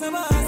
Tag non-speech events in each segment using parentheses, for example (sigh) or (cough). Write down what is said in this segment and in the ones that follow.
sama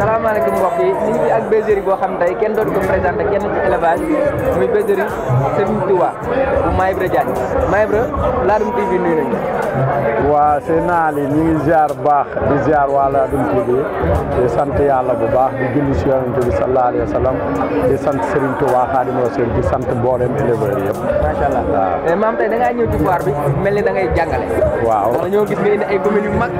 salaamaaleykum mbokk yi ñu ngi ak bergerie boo xam tey kenn dootu ko présenté kenn ci élevage muy bergerie Serigne Touba bu Maïbra Diagne Maïbra Ladoum TV nuyu nañu waa seen naal yi ñu ngi ziar baax di ziar waa Ladoum TV di sant yàlla bu baax di julli si yonent bi sallallahu alayhi wa sallam di sant Serigne Touba Xaadimu Rasuul di eh, maam tey da ñëw ci bi mel ni dangay ngay jàngale waaw ñoo gis nga indi ay communes yu mag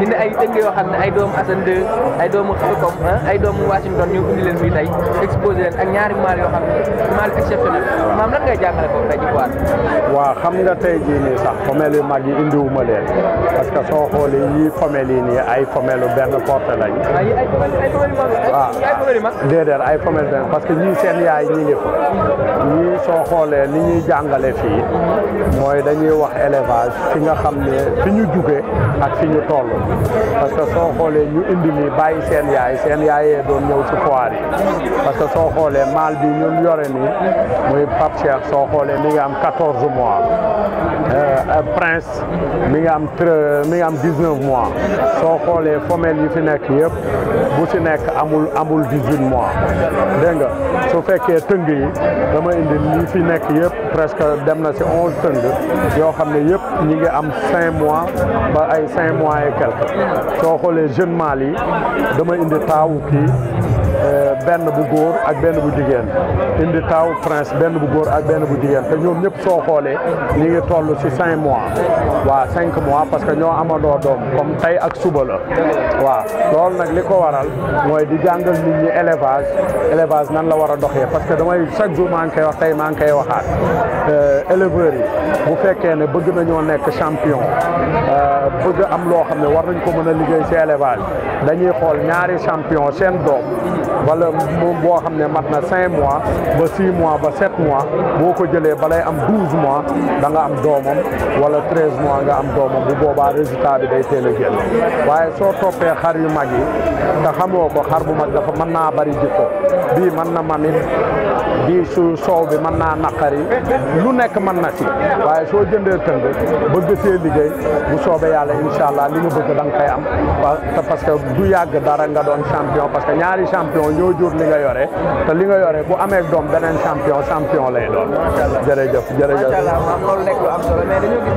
indi ay tënk yoo xam peu comme ay doomu Washington ñu indi leen fii tey exposé leen ak ñaari maal yoo xam ne maal exceptionnel maam lan ngay jàngale ko tey ci foire waaw xam nga tey jii nii sax femelle yu mag yi indiwuma leen parce que soo xoolee yii femelle yi nii ay femelle benn porte lañ waaw déedéet ay femelle benn parce que ñii seen yaay ñi ngi fa ñii soo xoolee li ñuy jàngale fii mooy dañuy wax élevage fi nga xam ne fi ñu juge ak fi ñu toll parce que soo xoolee ñu indi nii bàyyi seen yaay seen yaay yee doon ñëw ci foire yi parce que soo xoolee maal bi ñun yore nii muy Pape Cheikh soo xoolee mu ngi am 14 mois euh, euh, Prince mi ngi am mi ngi am 19 mois soo xoolee femelle yi fi nekk yëpp bu si nekk amul amul 18 mois dégg nga su fekkee tëng yi dama indi li fi nekk yëpp presque dem na si 11 tëng yoo xam ne yëpp ñu ngi am 5 mois ba ay 5 mois et quelque soo xoolee jeune mâle yi dama indi taawu kii Eh, benn bu góor ak benn bu jigéen indi taw prince benn bu góor ak benn bu jigéen te ñoom ñëpp soo xoolee ñi ngi toll ci cinq mois waa cinq mois parce que ñoo amandoo doom comme tey ak suba la waaw loolu nag li ko waral mooy di jàngal nit ñi élevage élevage nan la war a doxee parce que damay chaque jour maa ngi koy wax tey maa ngi koy waxaat eh, éleveurs yi bu fekkee ne bëgg na nañoo nekk champion eh, bëgg am loo xam ne war nañ ko mën a liggéey ci élevage dañuy xool ñaari champion seen doom wala moom boo xam ne mat na cinq mois ba six mois ba sept mois boo ko jëlee balay am douze mois da nga am doomam wala treize mois nga am doomam bu boobaa résultat bi day teel a génn waaye soo toppee xar yu mag yi te xamoo ko xar bu mag dafa mën naa bari jikko bii man na mamit bii su soow bi mën naa naqari lu nekk man na si waaye soo jëndee tëng bëgg see liggéey bu soobee yàlla incha allah li nga bëgg da kay koy am parce que du yàgg dara nga doon champion parce que ñaari champion yow ñoo jur li nga yore li nga yore bu amee doom beneen champion champion lay doon. macha allah jërëjëf jërëjëf. maam loolu nekk lu am solo mais dañoo moom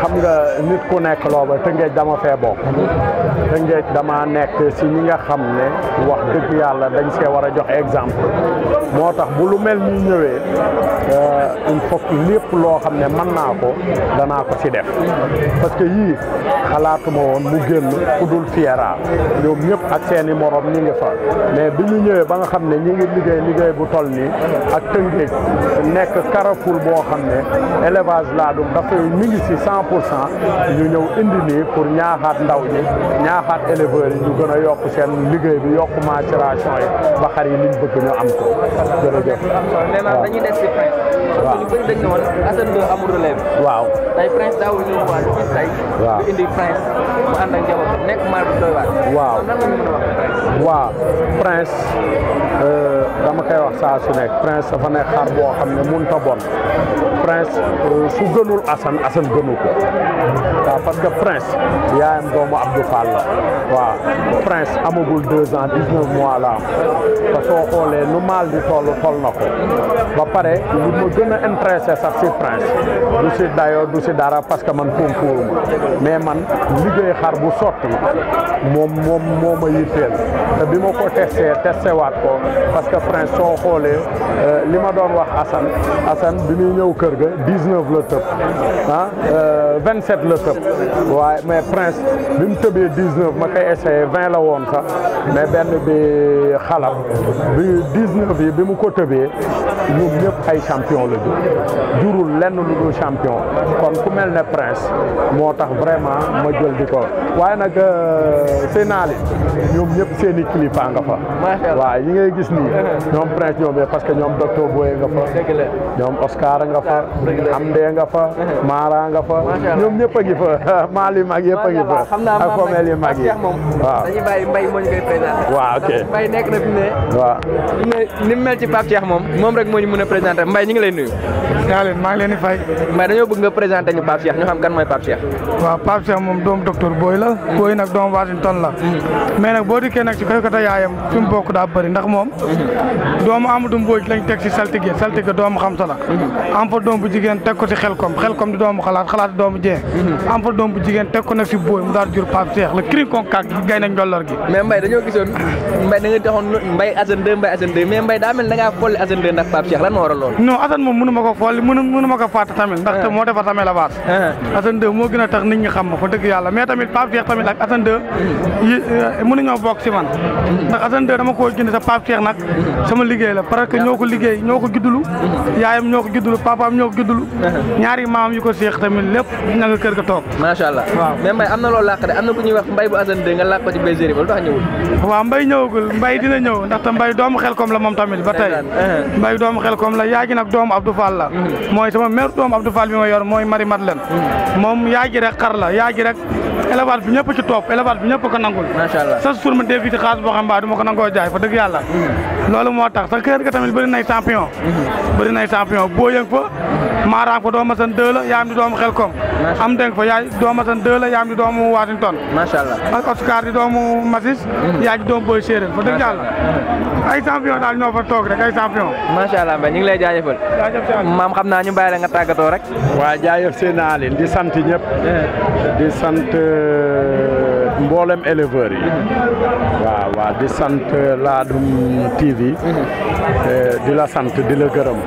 xam nga nit nekk looba Tëngéej dama fee bokk. Tëngéej dama nekk si ñi nga xam ne wax dëgg yàlla dañ see war a joxe exemple moo tax bu lu mel ni ñëwee euh, il faut que lépp loo xam ne man naa ko danaa ko ci def parce que yii xalaatuma woon mu génn ku dul Fiera ñoom ñëpp ak seen i morom ñi ngi fa mais bi ñu ñëwee ba nga xam ne ñu ngi liggéey liggéey bu toll nii ak Tëngéej nekk Carrefour boo xam ne élevage laadum dafay mi ngi ci cent pour cent ñu ñëw indi nii pour ñaaxaat ndaw ñi ñaaxaat éleveurs yi ñu gën a yokk seen liggéey bi yokk maturation yi ba xar yi liñ bëgg ñu am ko jërëjëf waaw Assane Gueye waaw waaw prince mu ànd ak wax prince. waaw prince euh, dama koy saa su nekk prince dafa nekk boo xam ne mënut a bon. prince su euh, gënul Assane asan gënu ko waaw parce que prince yaayam doomu Abdou Fall la waaw prince amagul deux ans dix mois la am te soo xoolee nu maal di toll toll na ko ba pare lu ma gën a intéressé sax si prince du si dayoo du si dara parce que man concours mais man liggéey xar bu sotti moom moom moo ma yitteel te bi ma ko testé testé ko parce que prince soo xoolee euh, li ma doon wax Assane Assane bi muy ñëw kër ga 19 la tëb ah 27 euh, la tëb waaye mais prince bi mu tëbee 19 ma koy essayé 20 la woon sax mais benn bi xalab bi 19 yi bi mu ko tëbee ñoom ñëpp ay champion la jur jurul lenn lu dul champion kon ku mel ne prince moo tax vraiment ma jël di ko waaye nag euh, seen naali ñoom ñëpp seen i nga fa waaw yi ngay gis nii (laughs) ñoom prince ñoom parce que ñoom docteur Boye nga fa ñoom Oscar nga fa am dee nga fa maara nga fa ñoom ñëpp a ngi fa maal yu mag yëpp a ngi fa ak foomeel yu mag yi waaw ni mu mel ci Pape Cheikh moom moom rek moo ñu mën a présenté mbay ñu ngi lay nuyu yaa leen maa ngi leen di fay mbay dañoo bëgg nga présenté ñu Pape Cheikh ñu xam kan mooy Pape Cheikh waaw Pape Cheikh moom doomu docteur booy la hmm. Boy nag doomu Washington la hmm. mais nag boo dikkee nag ci koy kata yaayam fi mu bokk daa bëri ndax moom hmm. doomu Amadou Mbodj lañ teg ci saltige saltige sa la am doom bu jigéen teg ko xelkom xelkom di doomu xalaat xalaat doomu jee hmm. am fa bu jigéen teg nag si booy mu daal jur Pape la kiri kon kaak gi gay nañ njolloor gi da nga taxoon Mbaye Assane 2 daa mel da ngaa folli Assane ndax Pape moo te ah. moo defar tamit la ah. moo gën a tax xam ma fa dëgg yàlla mais tamit Pape Cheikh tamit ak Assane 2 euh, mënuñoo bokk si man hmm. ndax Assane dama koo jënd sa Pape nag sama liggéey la parce que ñoo ko liggéey ñoo ko giddulu hmm. yaayam ñoo ko giddulu papaam ñëw juddul uh-huh. ñaari maam yu ko seex tamit lépp ña nga kër ga toog macha allah mbay ñëwagul mbay dina ñëw ndaxte mbay doomu xel koom la moom tamit ba tey uh-huh. mbay doomu xel koom la yaa nag doomu Abdou la uh-huh. mooy sama mère doomu Abdou bi ma yor mooy Marie Madeleine moom yaa gi rek xar la yaa rek élevage bi ñëpp ci topp élevage bi ñëpp ko nangul sa suur ma dee ci xaalis boo xam mbaa du ko nangoo jaay fa dëgg yàlla loolu moo tax sa kër ga tamit bëri nay champion bëri nay champion boo fa maaraam ko doomu Assane 2 la yaayam di doomu Xelkom am dénk fa yaay doomu Assane 2 la yaayam di doomu Washington macha allah ak Oscar di doomu Masis mm. yaay di doomu Boy Séeréer fa dëgg yàlla mm. ay champion daal ñoo fa toog rek ay champion macha allah Mbaye ñu ngi lay jaajëfal maam xam naa ñu bàyyi la nga tàggatoo rek waa jaajëf seen naa leen di sant ñëpp di sant euh, mboolem éleveurs yi mm-hmm. waaw waaw di sant Ladoum TV mm-hmm. eh, di la sant di la gërëm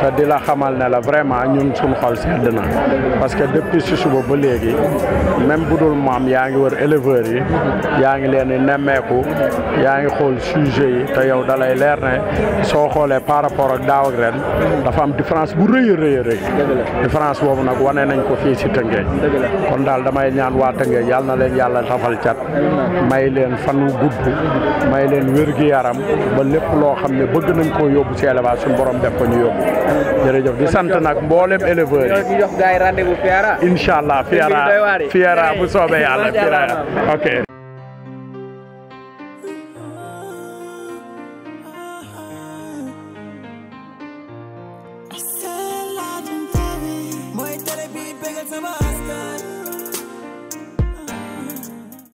te di la xamal ne la vraiment ñun suñu xol sedd na parce que depuis si suba ba léegi même bu dul moom yaa ngi war éleveurs yi mm-hmm. yaa ngi leen di nemmeeku yaa ngi xool sujet yi te yow dalay leer ne soo xoolee par rapport ak daaw ak ren mm-hmm. dafa am différence bu rëy a rëy a rëy boobu nag wane nañ ko fii si Tëngéej kon daal damay ñaan waa Tëngéej yàlla na leen yàlla tafal cat may leen fanu gudd may leen wér gi yaram ba lépp loo xam ne bëgg nañ koo yóbbu ci élevage suñu borom def ko ñu yóbbu jërëjëf di sant nag mboolem éleveurs yi jox gaay rendez-vous allah Fiara bu soobee yàlla Fiara ok